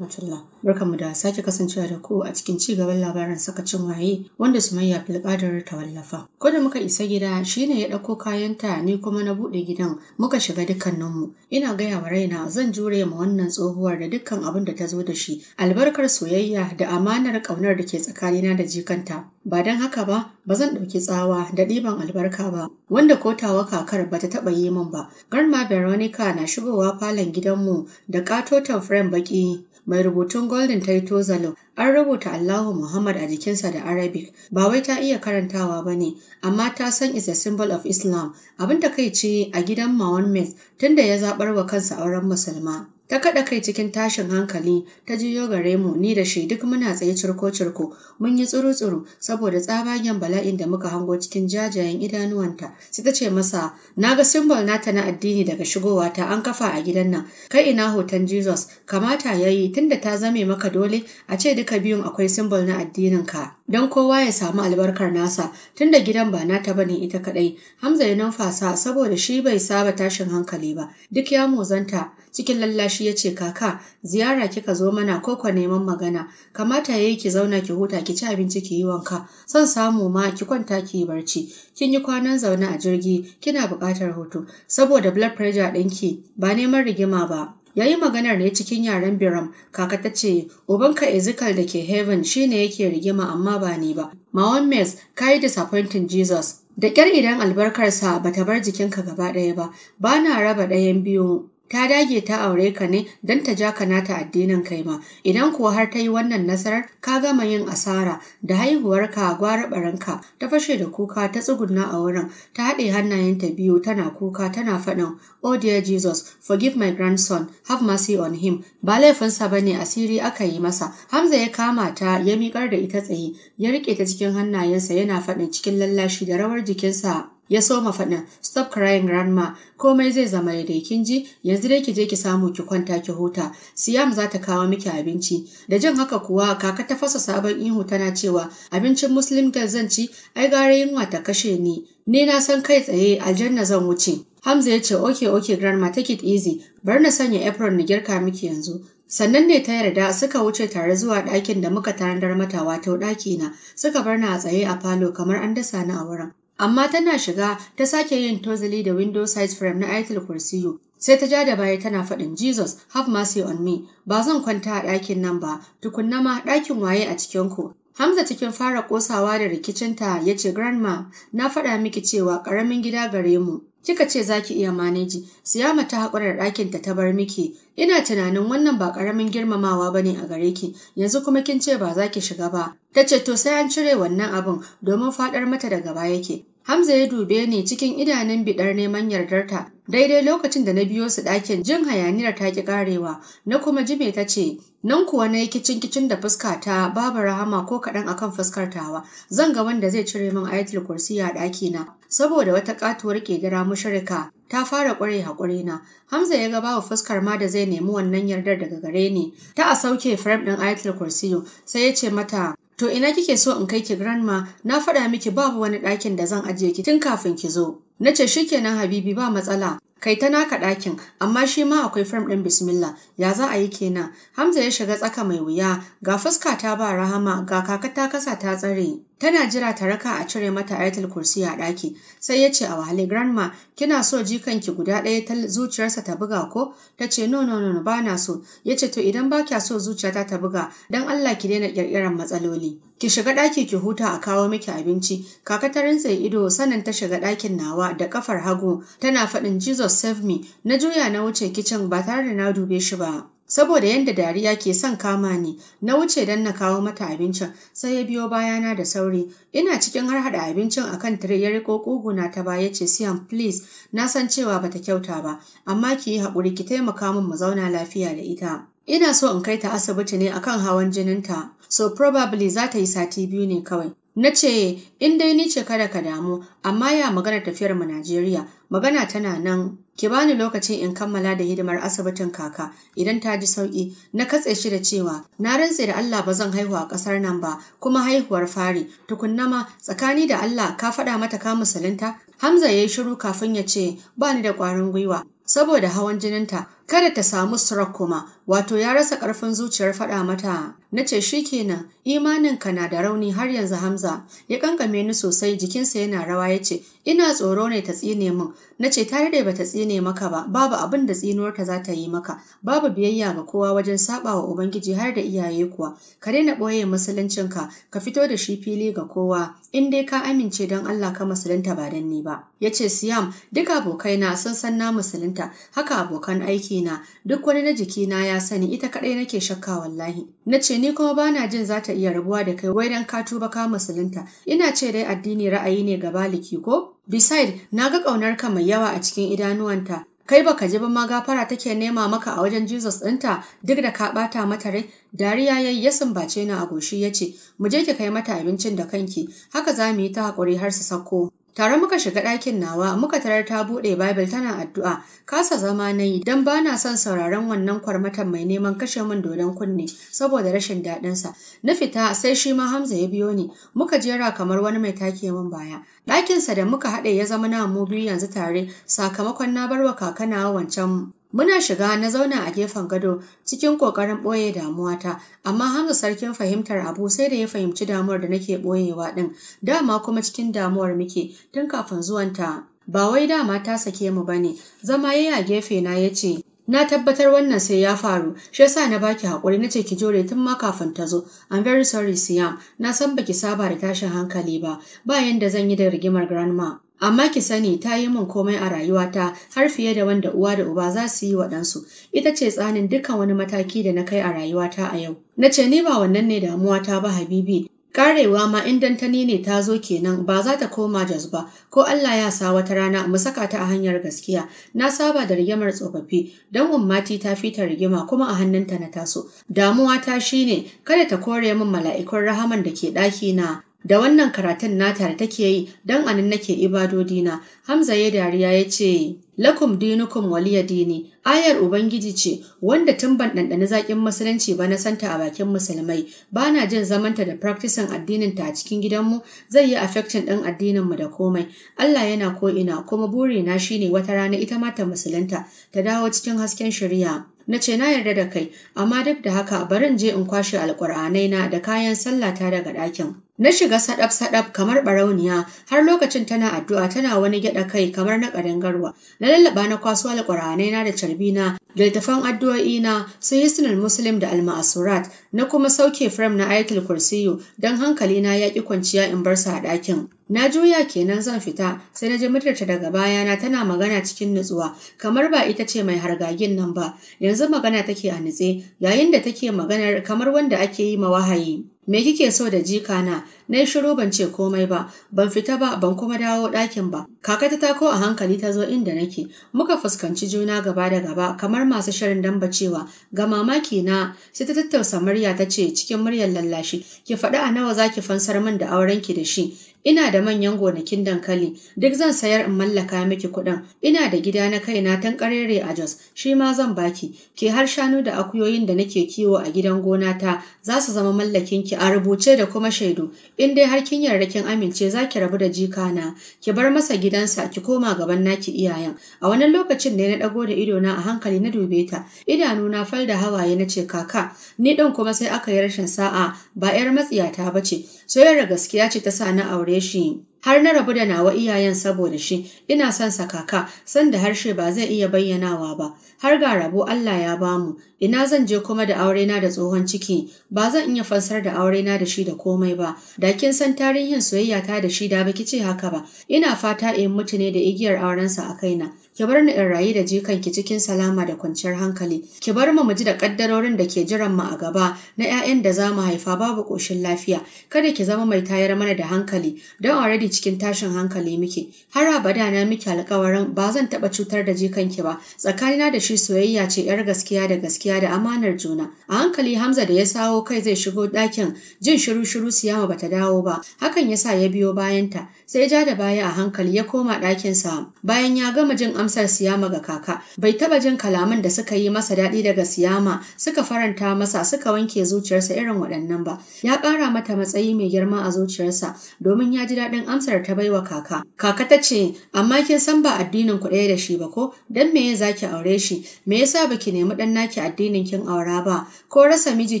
rahmatullah. Barkanmu da sake kasancewa da ku a cikin ci gaban labarin sakacin waye wanda Sumayya Filkadar ta wallafa. Ko da muka isa gida shine ya ɗauko kayanta ni kuma na buɗe gidan muka shiga dukkaninmu. Ina gaya wa raina zan jure ma wannan tsohuwar da dukkan abin da ta zo da shi. Albarkar soyayya da amanar ƙaunar da ke tsakanina da jikanta. Ba don haka ba, ba zan ɗauki tsawa da ɗiban albarka ba, wanda kotawa kakar ba ta taɓa yi min ba. Garma Veronica na shigowa falon gidanmu da ƙatoton frame baƙi mai rubutun Golden Taito Zalo an rubuta Allahu Muhammad a jikinsa da Arabic ba wai ta iya karantawa ba ne amma ta san is a symbol of Islam abin da kai ce a gidan Mawan Mes tunda ya zabar wa kansa auren musulma. Ta kaɗa kai cikin tashin hankali ta jiyo gare mu ni da shi duk muna tsaye cirko-cirko mun yi tsuru-tsuru saboda tsabagen bala'in da muka hango cikin jajayen idanuwanta sai ta ce masa na ga simbol nata na addini daga shigowa ta an kafa a gidan nan kai ina hoton Jesus kamata ya yi tunda ta zame maka dole a ce duka biyun akwai simbol na addinin ka don kowa ya samu albarkar nasa tunda gidan ba nata bane ita kadai Hamza ya numfasa saboda shi bai saba tashin hankali ba duk ya mozanta cikin lallashi ya ce kaka ziyara kika zo mana ko kwa neman magana kamata ya yi ki zauna ki huta ki ci abinci ki yi wanka son samu ma ki kwanta ki yi barci kin yi kwanan zaune a jirgi kina buƙatar hutu saboda blood pressure ɗinki ba neman rigima ba ya yi maganar ne cikin yaren biram kaka ta ce ubanka ezekiel da ke heaven shine yake rigima amma ba ni ba mawan mes ka yi disappointing jesus da ƙyar idan albarkarsa ba ta bar jikinka gaba ɗaya ba ba na raba ɗayan biyu ta dage ta aure ka ne don ta ja ka nata addinin kai ma idan kuwa har ta yi wannan nasarar ka gama yin asara da haihuwar a gwara baranka ta fashe da kuka ta tsugunna a wurin ta haɗe hannayenta biyu tana kuka tana faɗin oh dear jesus forgive my grandson have mercy on him ba laifinsa ba ne asiri aka yi masa hamza ya kama ta ya miƙar da ita tsaye ya riƙe ta cikin hannayensa yana faɗin cikin lallashi da rawar jikinsa ya soma faɗin stop crying grandma komai zai zama daidai kin ji yanzu dai ki je ki samu ki kwanta ki huta siyam za ta kawo miki abinci da jin haka kuwa kaka ta fasa sabon ihu tana cewa abincin muslim girl zan ci ai gara yunwa ta kashe ni ni na san kai tsaye aljanna zan wuce Hamza ya ce okay okay grandma take it easy bar na sanya apron na girka miki yanzu sannan ne ta yarda suka wuce tare zuwa ɗakin da muka tarandar mata wato ɗaki na suka bar na a tsaye a falo kamar an dasa ni a wurin amma tana shiga ta sake yin tozali da window size frame na Aitul Kursiyu. Sai ta ja da baya tana faɗin Jesus, have mercy on me, ba zan kwanta a ɗakin nan ba, tukunna ma ɗakin waye a cikinku. Hamza cikin fara ƙosawa da rikicinta ya ce grandma, na faɗa miki cewa ƙaramin gida gare mu. Kika ce za ki iya maneji, siyama ta haƙura da ɗakinta ta bar miki, ina tunanin wannan ba ƙaramin girmamawa ba ne a gare ki, yanzu kuma kin ce ba za ki shiga ba. Ta ce to sai an cire wannan abin domin faɗar mata daga baya yake, Hamza ya dube ni cikin idanun bidar neman yardarta daidai lokacin da na biyo su ɗakin jin hayaniyar ta ki karewa na kuma jibe ta ce nan kuwa na yi kicin kicin da fuska ta babu rahama ko kaɗan akan fuskar tawa zan ga wanda zai cire min ayatul kursi a ɗakina saboda wata katuwar kedira mushrika ta fara ƙware haƙuri na Hamza ya ga babu fuskar ma da zai nemi wannan yardar daga gare ni ta a sauke frame ɗin ayatul kursi, sai ya ce mata To ina kike so in kai ki grandma? Na faɗa miki babu wani ɗakin da zan ajiye ki tun kafin ki zo. Na ce shi kenan Habibi ba matsala. Kai ta naka ɗakin, amma shi ma akwai fam ɗin bismillah, ya za a yi kenan. Hamza ya shiga tsaka mai wuya, ga fuska ta ba rahama, ga kaka ta kasa ta tsare. Tana jira ta raka a cire mata ayatul kursi a ɗaki, sai ya ce a wahale grandma kina so jikanki guda ɗaya ta zuciyarsa ta buga ko? Ta ce no no no ba na so. Ya ce to idan ba kya so zuciyata ta buga don Allah ki daina ƙirƙiran matsaloli. Ki shiga ɗaki ki huta a kawo miki abinci. Kaka ta rintse ido sanin ta shiga ɗakin nawa da kafar hagu tana faɗin Jesus save me na juya na wuce kicin ba tare da na dube shi ba. saboda yadda dariya ke son kama ni na wuce don na kawo mata abincin sai ya biyo bayana da sauri ina cikin har hada abincin kan tire ya riko kuguna ta baya ce siyan please na san cewa bata kyauta ba amma ki yi haƙuri ki taimaka min mu zauna lafiya da ita ina so in kai ta asibiti ne akan hawan jininta so probably za ta yi sati biyu ne kawai na ce eh, in dai ni ce kada ka damu amma ya magana tafiyar mu Najeriya Magana tana nan, ki bani lokacin in kammala da hidimar asibitin kaka idan ta ji sauƙi. Na katse shi da cewa, na rantse da Allah ba zan haihu a ƙasar nan ba, kuma haihuwar fari. Tukunna ma tsakani da Allah ka faɗa mata ka musulunta? Hamza ya yi shiru kafin ya ce, bani da ƙwarin gwiwa. Saboda hawan jininta, kada ta samu stroke kuma wato ya rasa ƙarfin zuciyar faɗa mata na ce shi kenan, imaninka na da rauni har yanzu hamza ya kankame ni sosai jikinsa yana rawa ya ce ina tsoro ne ta tsine min na ce tare da ta tsine maka ba babu abin da tsinuwarta za ta yi maka babu biyayya ga kowa wajen saba wa ubangiji har da iyaye kuwa ka daina ɓoye musuluncinka ka fito da shi fili ga kowa in dai ka amince don allah ka musulunta ba dan ni ba ya ce siyam duk abokaina sun san na musulunta haka abokan aiki jikina, duk wani na jikina ya sani ita kaɗai nake shakka wallahi. Na ce ni kuma ba na jin za ta iya rabuwa da kai wai dan ka tuba ka musulunta, ina ce dai addini ra'ayi ne ga baliki ko? Beside, na ga ƙaunar ka mai yawa a cikin idanuwanta, kai baka ji ba ma gafara take nema maka a wajen Jesus ɗinta duk da ka ɓata mata rai dariya yayi ya sumbace ni a goshi ya ce mu je ki kai mata abincin da kanki haka za mu yi ta haƙuri har su sako Tare muka shiga ɗakin nawa muka tarar ta buɗe Bible tana addu'a. Kasa zama na yi don ba na son sauraron wannan kwarmatan mai neman kashe min dodon kunne saboda rashin daɗinsa. Na fita sai shi ma Hamza ya biyo ni. Muka jera kamar wani mai take min baya. Ɗakinsa da muka haɗe ya zama na mu biyu yanzu tare sakamakon na barwa kakana wancan Muna shiga na zauna a gefen gado cikin ƙoƙarin ɓoye damuwata, amma Hamza sarkin fahimtar abu sai da ya fahimci damuwar da nake ɓoyewa ɗin, dama kuma cikin damuwar muke tun kafin zuwanta. Ba wai dama ta sake mu ba ne, zama ya a gefe na ya ce, Na tabbatar wannan sai ya faru, shi yasa na baki haƙuri na ce ki jore tun ma kafin ta zo. I'm very sorry Siam, na san baki saba da tashin hankali ba, ba yanda zan yi da rigimar grandma. Amma ki sani ta yi min komai a rayuwata har fiye da wanda uwa da uba za su yi wa ɗansu. Ita ce tsanin dukkan wani mataki da na kai a rayuwata a yau. Na ce ni ba wannan ne damuwata ba Habibi, Karewa ma in dantani ne ta zo kenan ba za ta koma Jos ba, ko Allah ya sa wata rana mu saka ta a hanyar gaskiya. Na saba da rigimar tsofaffi, don ummati ta fita rigima kuma a hannunta na taso. Damuwa ta shi ne. kada ta kore min mala'ikun rahaman da ke ɗaki na da wannan karatun nata da take yi don anan nake ibadodina hamza ya dariya ya ce lakum dinukum waliya dini ayar ubangiji ce wanda tun ban ɗanɗani zaƙin musulunci ba na santa a bakin musulmai ba na jin zamanta da practicing addinin ta a cikin gidanmu zai yi affection ɗin addininmu da komai Allah yana ko ina kuma burina shine wata rana ita ma ta musulunta ta dawo cikin hasken shari'a na ce na yarda da kai amma duk da haka barin je in kwashe alƙur'anai na da kayan sallata daga ɗakin Na shiga sadab-sadab kamar barauniya har lokacin tana addu'a tana wani gyada kai kamar na garwa. Na lallaba na kwaso alƙur'anai na da na, littafan addu'o'i na sun hisnul muslim da alma'asurat na kuma sauke frame na ayatul kursiyu don hankali na ya ƙi kwanciya in bar su a ɗakin. Na juya kenan zan fita sai na ji muryarta daga bayana tana magana cikin nutsuwa kamar ba ita ce mai hargagin nan ba yanzu magana take a nutse yayin da take maganar kamar wanda ake yi ma wahayi. Me kike so da jika na? na yi shiru ban ce komai ba ban fita ba ban kuma dawo ɗakin ba kaka ta tako a hankali ta zo inda nake muka fuskanci juna gaba da gaba kamar masu shirin damba cewa ga mamaki na sai ta tattausa murya ta ce cikin muryar lallashi ki faɗi a nawa za ki fansar min da aurenki da shi Ina da manyan gonakin dankali, duk zan sayar in mallaka miki kuɗin. Ina da gida na kaina tan karere a Jos, shi ma zan baki. Ke har shanu da akuyoyin da nake kiwo a gidan gona ta za su zama mallakin ki a rubuce da kuma shaidu. in dai har kin yarda kin amince za ki rabu da jika na ki bar masa gidansa ki koma gaban naki iyayen a wani lokacin ne na dago da ido na a hankali na dube ta idanu na fal da hawaye na ce kaka ni din kuma sai aka yi rashin sa'a ba yar matsiyata bace soyayyar gaskiya ce ta sa na aure shi har na rabu da nawa iyayen saboda shi ina son sa kaka san da harshe ba zai iya bayyanawa ba har ga rabo Allah ya bamu ina zan je kuma da aure na da tsohon ciki ba zan iya fansar da aure na da shi da komai ba da kin san tarihin soyayya ta da shi da baki ce haka ba ina fata in mutune da igiyar aurensa a kaina ki bar ni in rayu da ki cikin salama da kwanciyar hankali ki bar mu mu ji da kaddarorin da ke jiran mu a gaba na 'ya'yan da za mu haifa babu ƙoshin lafiya kada ki zama mai tayar mana da hankali don already cikin tashin hankali muke har abada na miki alƙawarin ba zan taɓa cutar da jikanki ba tsakanina da shi soyayya ce 'yar gaskiya da gaskiya da amanar juna a hankali Hamza da ya sawo kai zai shigo ɗakin jin shiru-shiru siyama bata dawo ba hakan ya sa ya biyo bayanta sai ja da baya a hankali ya koma ɗakinsa bayan ya gama jin amsa amsar Siyama ga kaka. Bai taba jin kalaman da suka yi masa daɗi daga Siyama, suka faranta masa, suka wanke zuciyarsa irin waɗannan ba. Ya ƙara mata matsayi mai girma a zuciyarsa domin ya ji daɗin amsar ta bai wa kaka. Kaka ta ce, amma kin san ba addinin ku ɗaya da shi ba ko? Dan me ya zaki aure shi? Me yasa baki nemi ɗan naki addinin kin aura ba? Ko rasa miji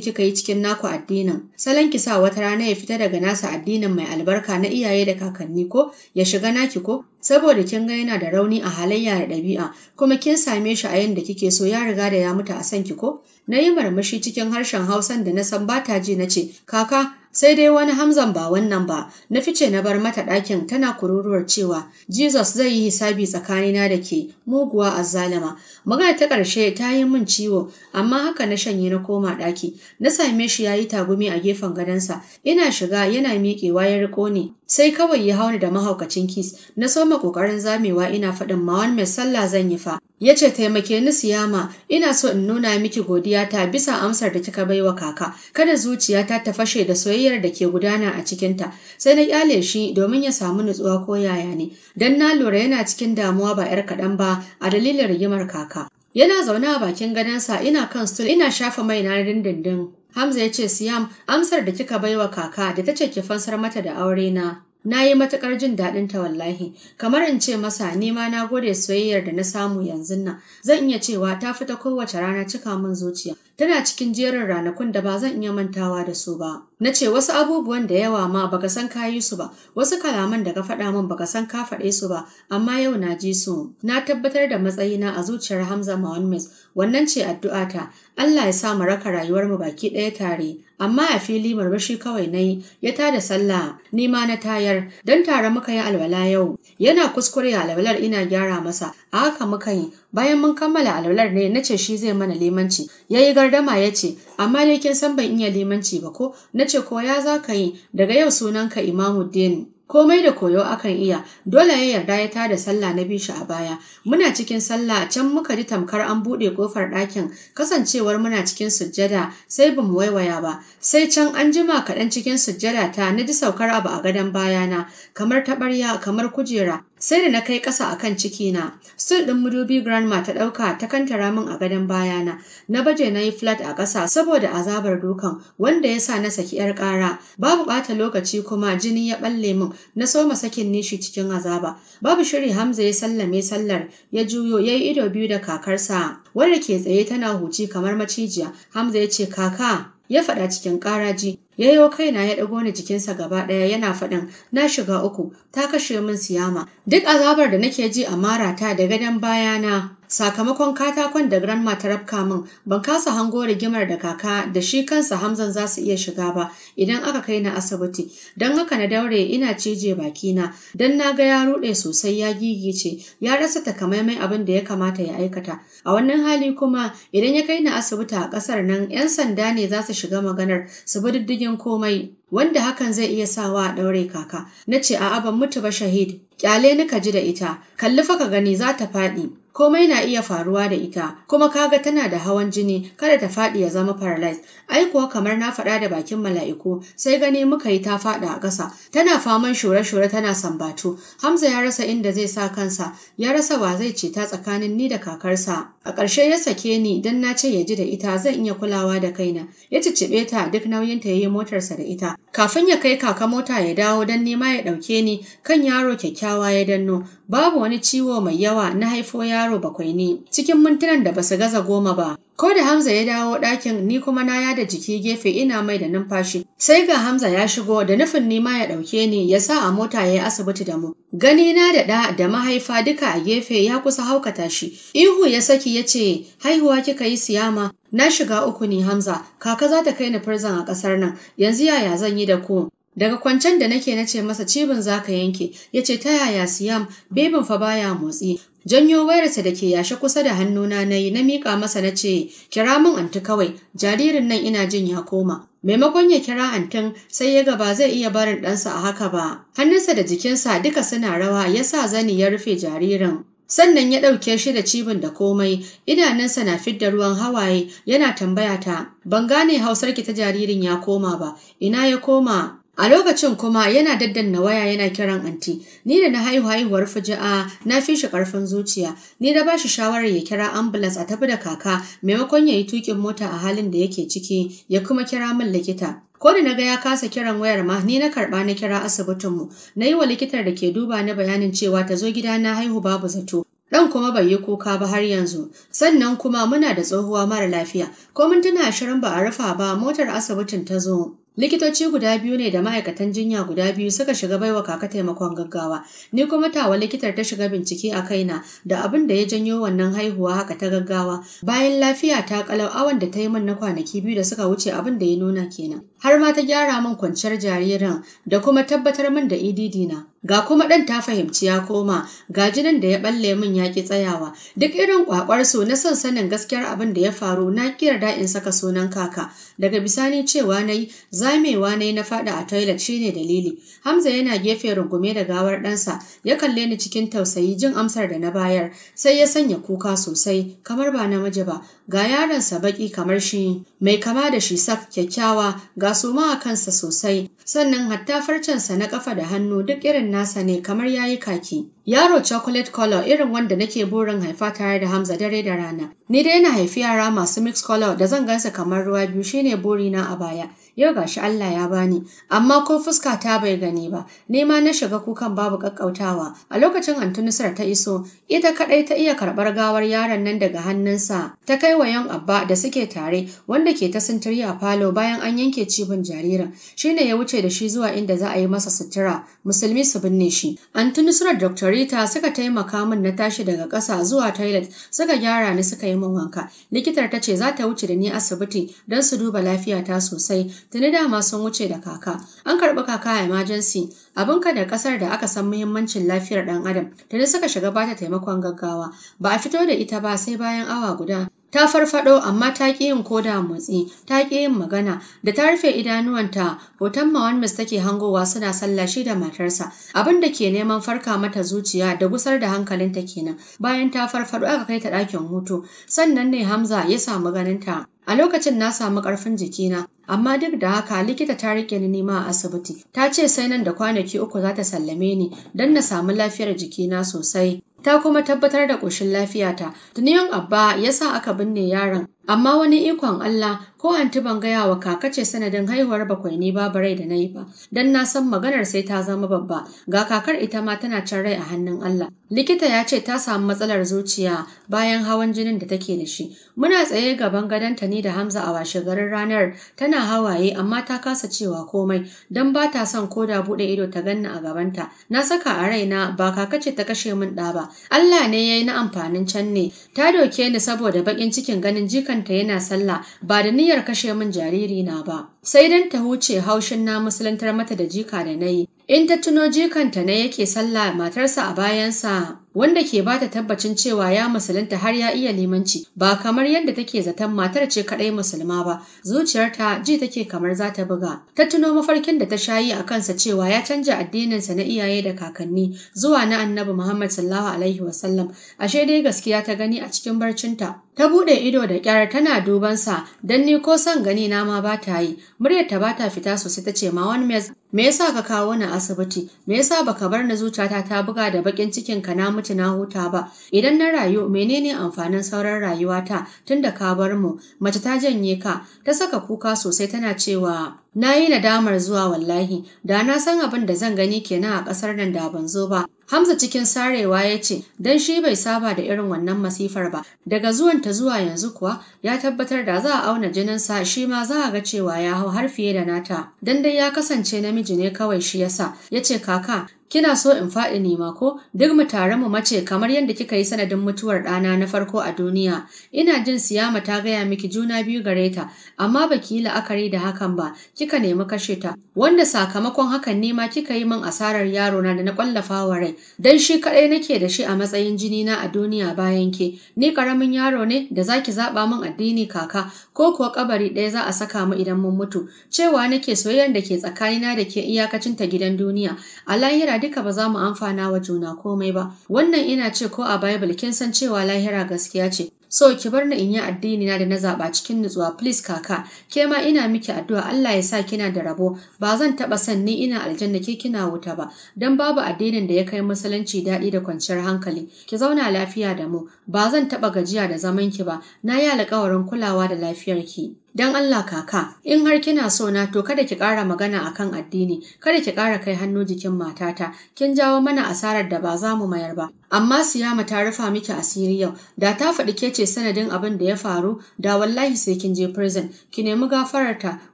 kika yi cikin naku addinin? Salon ki sa wata rana ya fita daga nasa addinin mai albarka na iyaye da kakanni ko ya shiga naki ko saboda kin ga yana da rauni a halayya da ɗabi'a kuma kin same shi a yadda kike so ya riga da ya mutu a san ki ko na yi marmashi cikin harshen hausan da na san ba ta ji na ce kaka sai dai wani hamzan ba wannan ba na fice na bar mata ɗakin tana kururuwar cewa jesus zai yi hisabi tsakanina da ke muguwa azzalima magana ta ƙarshe ta yi min ciwo amma haka na shanye na koma ɗaki na same shi ya yi tagumi a gefen gadonsa ina shiga yana miƙewa ya riƙo ni sai kawai ya hauni da mahaukacin kis na soma ƙoƙarin zamewa ina faɗin mawan mai sallah zan yi fa ya ce taimake ni siyama ina so in nuna miki godiyata, ta bisa amsar da kika baiwa kaka kada zuciyata ta fashe da soyayya soyayyar da ke gudana a cikinta sai na kyale shi domin ya samu nutsuwa ko yaya ne don na lura yana cikin damuwa ba 'yar kaɗan ba a dalilin rigimar kaka. Yana zaune a bakin gadonsa ina kan stool ina shafa mai na dindindin. Hamza ya ce Siyam amsar da kika baiwa kaka da ta ce ki fansar mata da aure na. Na yi matukar jin daɗin ta wallahi, kamar in ce masa nema na gode soyayyar da na samu yanzu nan, zan iya cewa ta fita kowace rana cika min zuciya. Tana cikin jerin ranakun da ba zan iya mantawa da su ba. Na ce wasu abubuwan da yawa ma baka san ka yi su ba, wasu kalaman da ka faɗa min baka san ka faɗe su ba, amma yau na ji su. Na tabbatar da matsayina a zuciyar Hamza Mohammed, wannan ce addu'ata. Allah ya sa mu raka rayuwar mu baki ɗaya tare. Amma a fili murmushi kawai na yi, ya ta da sallah, ni ma na tayar, don tare muka yi alwala yau. Yana kuskure alwalar ina gyara masa, a haka muka yi bayan mun kammala alwalar ne na ce shi zai mana limanci ya yi gardama ya ce amma ne kin san ban iya limanci ba ko na ce ko ya za ka yi daga yau sunan sunanka imamuddin komai da koyo akan iya dole ya yarda ya tada sallah na bishi a baya muna cikin sallah can muka ji tamkar an buɗe kofar ɗakin kasancewar muna cikin sujjada sai bamu waiwaya ba sai can an jima kaɗan cikin sujjada ta na ji saukar abu a gadon bayana kamar taɓarya kamar kujera sai da na kai ƙasa a kan cikina sul ɗin madubi grandma ta ɗauka ta kantara min a gadon bayana na baje na yi flat a ƙasa saboda azabar dukan wanda ya sa na saki 'yar ƙara babu ɓata lokaci kuma jini ya ɓalle min na soma sakin nishi cikin azaba babu shiri hamza ya sallame sallar ya juyo ya yi ido biyu da kakarsa wanda ke tsaye tana huci kamar macijiya hamza ya ce kaka ya faɗa cikin ƙaraji Yayo kaina ya ɗago ni jikinsa gaba ɗaya yana faɗin na shiga uku ta kashe min siyama. Duk azabar da nake ji a marata da gadon bayana sakamakon katakon da grandma ta rabka min ban kasa hango rigimar da kaka da shi kansa hamzan za su iya shiga ba idan aka kai na asibiti don haka na daure ina cije bakina don na ga ya ruɗe sosai ya gigice ya rasa takamaiman abin da ya kamata ya aikata a wannan hali kuma idan ya kai na asibiti a ƙasar nan 'yan sanda ne za su shiga maganar su bi diddigin komai wanda hakan zai iya sawa a ɗaure kaka na ce a'a ban mutu ba shahid kyale ni ka ji da ita kalli fa ka gani za ta faɗi komai na iya faruwa da ita kuma kaga tana da hawan jini kada ta faɗi ya zama paralyzed ai kuwa kamar na faɗa da bakin mala'iku sai gani muka yi ta faɗa a ƙasa tana faman shore shure tana sambatu Hamza ya rasa inda zai sa kansa ya rasa wa zai ce ta tsakanin ni da kakarsa a ƙarshe ya sake ni don na ce ya ji da ita zan iya kulawa da kaina ya ciccibe ta duk nauyin ta yi motarsa da ita kafin ya kai kaka mota ya dawo dan nema ya ɗauke ni kan yaro kyakkyawa ya danno babu wani ciwo mai yawa na haifo yaro yaro bakwai ne cikin mintunan da basu gaza goma ba. Ko da Hamza ya dawo ɗakin ni kuma na yada jiki gefe ina mai da numfashi. Sai ga Hamza ya shigo da nufin nima ya ɗauke ni ya sa a mota ya yi asibiti da mu. Gani na da ɗa da mahaifa duka a gefe ya kusa haukata shi. Ihu ya saki ya ce, haihuwa kika yi siyama, na shiga uku ne Hamza, kaka za ta kai ni firzan a ƙasar nan, yanzu yaya zan yi da ku? Daga kwancen da nake na ce masa cibin zaka yanke, ya ce ta yaya siyam, bebin fa baya motsi, Janyo wayarsa da ke yashe kusa da hannuna na yi na miƙa masa na ce, kira min anti kawai, jaririn nan ina jin ya koma. Maimakon ya kira antin sai ya gaba zai iya barin ɗansa a haka ba. Hannunsa da jikinsa duka suna rawa ya sa zani ya rufe jaririn. Sannan ya ɗauke shi da cibin da komai, idanunsa na fidda ruwan hawaye yana tambaya ta, ban gane hausarki ta jaririn ya koma ba, ina ya koma A lokacin kuma yana daddanna waya yana kiran anti. Ni da na haihu haihuwar fuji'a na fi shi karfin zuciya. Ni da ba shi shawarar ya kira ambulance a tafi da kaka maimakon ya yi tukin mota a halin da yake ciki ya kuma kira min likita. Ko da na ga ya kasa kiran wayar ma ni na karɓa na kira asibitinmu. Na yi wa likitar da ke duba ni bayanin cewa ta zo gida na haihu babu zato. Ɗan kuma bai yi kuka ba har yanzu, sannan kuma muna da tsohuwa mara lafiya, ko mintuna ashirin ba a rufa ba motar asibitin ta zo. Likitoci guda biyu ne da ma'aikatan jinya guda biyu suka shiga baiwa kaka taimakon gaggawa. Ni kuma tawa likitar ta shiga bincike a kaina da abin da ya janyo wannan haihuwa haka ta gaggawa. Bayan lafiya ta kalau awan da ta yi min na kwanaki biyu da suka wuce abin da ya nuna kenan. har ma ta gyara min kwanciyar jaririn da kuma tabbatar min da EDD na. Ga kuma ɗan ta fahimci ya koma, ga jinin da ya balle min ya ƙi tsayawa. Duk irin ƙwaƙwar so na son sanin gaskiyar abin da ya faru na da in saka sunan kaka. Daga bisani cewa na yi, zamewa na yi na faɗa a toilet shi ne dalili. Hamza yana gefe rungume da gawar ɗansa, ya kalle ni cikin tausayi jin amsar da na bayar, sai ya sanya kuka sosai, kamar ba namiji ba, ga yaronsa baƙi kamar shi mai kama da shi sak kyakkyawa ga suma a kansa sosai sannan hatta farcensa na ƙafa da hannu duk irin nasa ne kamar yayi kaki yaro chocolate color irin wanda nake burin haifa tare da Hamza dare da rana ni dai na haifi yara masu mix color da zan gansa kamar ruwa biyu shine burina a baya yau gashi Allah ya bani amma ko fuska ta bai gani ba nema na shiga kukan babu kakkautawa a lokacin antu ta iso ita kadai ta iya karbar gawar yaron nan daga hannunsa ta kai wa yan abba da suke tare wanda ke ta sintiri a falo bayan an yanke cibin jaririn shine ya wuce da shi zuwa inda za a yi masa sutura musulmi su binne shi antu Dr. Rita suka taimaka min na tashi daga ƙasa zuwa toilet suka gyara ni suka yi min wanka likitar ta ce za ta wuce da ni asibiti don su duba lafiyata sosai tuni dama sun wuce da kaka an karɓi kaka a emergency abin ka da ƙasar da aka san muhimmancin lafiyar ɗan adam tuni suka shiga bata taimakon gaggawa ba a fito da ita ba sai bayan awa guda Ta farfado amma ta ƙi yin koda motsi, ta ƙi yin magana, da ta rufe idanuwanta, hoton mawan mis take hangowa suna sallah da matarsa. Abin da ke neman farka mata zuciya da gusar da hankalinta kenan. Bayan ta farfado aka kai ta ɗakin hutu, sannan ne Hamza ya samu ganinta. A lokacin na samu ƙarfin jikina, amma duk da haka likita ta rike ni nema a asibiti. Ta ce sai nan da kwanaki uku za ta sallame ni don na samu lafiyar jikina sosai. Ta kuma tabbatar da ƙoshin lafiyata. Tuniyon Abba ya sa aka binne yaron Amma wani ikon Allah ko anti ban gaya wa kaka sanadin haihuwar bakwai ni ba barai da na yi ba, don na san maganar sai ta zama babba, ga kakar ita ma tana can rai a hannun Allah. Likita ya ce ta samu matsalar zuciya bayan hawan jinin da take da shi. Muna tsaye gaban gadonta ni da Hamza a washe garin ranar tana hawaye amma ta kasa cewa komai don ba ta son da bude ido ta ganna a gabanta. Na saka a raina ba kakace ta kashe min ɗa ba, Allah ne ya yi na amfanin can ne. Ta doke ni saboda bakin cikin ganin jika kanta yana sallah ba da niyyar kashe min jariri na ba sai dan ta huce haushin na musulantar mata da jika da nayi in ta tuno jikanta ne yake sallah matarsa a bayansa wanda ke bata tabbacin cewa ya musulunta har ya iya limanci ba kamar yadda take zaton matar ce kadai musulma ba zuciyarta ji take kamar za ta buga ta tuno mafarkin da ta shayi a kansa cewa ya canja addininsa na iyaye da kakanni zuwa na annabi Muhammad sallallahu alaihi wasallam ashe dai gaskiya ta gani a cikin barcinta ta buɗe ido da kyar tana duban sa dan ni ko son gani na ma ba ta yi muryar ta ba ta fita sosai ta ce ma wani me yasa ka kawo ni asibiti me yasa baka bar ni zuciyata ta buga da bakin cikin ka na mace na huta ba idan na rayu menene amfanin sauran rayuwata tunda ka bar mu mace ta janye ka ta saka kuka sosai tana cewa na yi nadamar zuwa wallahi da na san abin da zan gani kenan a ƙasar nan da ban zo ba Hamza cikin sarewa ya ce, don shi bai saba da irin wannan masifar ba, daga zuwanta zuwa yanzu kuwa ya tabbatar da za a auna jininsa shi ma za a ga cewa ya hau har fiye da nata. Dan dai ya kasance namiji ne kawai shi yasa, ya ce kaka, kina so in faɗi ne ma ko duk mu tare mu mace kamar yadda kika yi sanadin mutuwar ɗana na farko a duniya ina jin siyama ta gaya miki juna biyu gare ta amma baki yi la'akari da hakan ba kika nemi kashe ta wanda sakamakon hakan ne ma kika yi min asarar yaro na da na kwallafa wa rai dan shi kaɗai nake da shi a matsayin jini na a duniya bayan ke ni ƙaramin yaro ne da zaki zaɓa min addini kaka ko kuwa ƙabari ɗaya za a saka mu idan mun mutu cewa nake soyayyar da ke tsakanina da ke iyakacinta gidan duniya a lahira duka ba za mu amfana wa juna komai ba. Wannan ina ce ko a Bible kin san cewa lahira gaskiya ce. So ki bar ni in yi addini na da na zaɓa cikin nutsuwa please kaka. Ke ma ina miki addu'a Allah ya sa kina da rabo. Ba zan taɓa san ni ina aljanna ke kina wuta ba. don babu addinin da ya kai musulunci daɗi da kwanciyar hankali. Ki zauna lafiya da mu. Ba zan taɓa gajiya da zaman ki ba. Na yi alƙawarin kulawa da lafiyar ki. Don Allah kaka, in har kina so na to kada ki ƙara magana a kan addini, kada ki ƙara kai hannu jikin matata, kin jawo mana asarar da ba za mu mayar ba. Amma Siyama ta rufa miki asiri yau, da ta faɗi ke ce sanadin abin da ya faru, da wallahi sai kin je prison, ki nemi gafararta,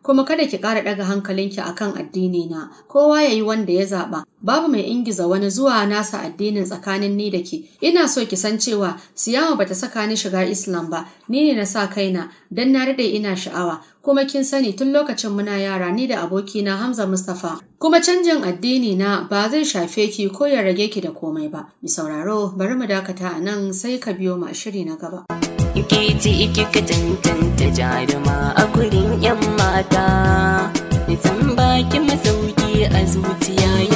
kuma kada ki ƙara ɗaga hankalinki akan addini na kowa yi wanda ya zaɓa babu mai ingiza wani zuwa nasa addinin tsakanin ni da ke ina so ki san cewa siyama bata saka ni shiga islam ba ni ne na sa kaina Don na daɗe ina sha'awa kuma kin sani tun lokacin muna yara ni da abokina Hamza Mustapha. Kuma canjin addini na ba zai shafe ki ko ya rage ki da komai ba. Mi sauraro bari mu dakata a nan sai ka biyo ma shiri na gaba. kiti ci iki ka cancanta jaruma a gurin 'yan mata. Nisan baki masauki a zuciya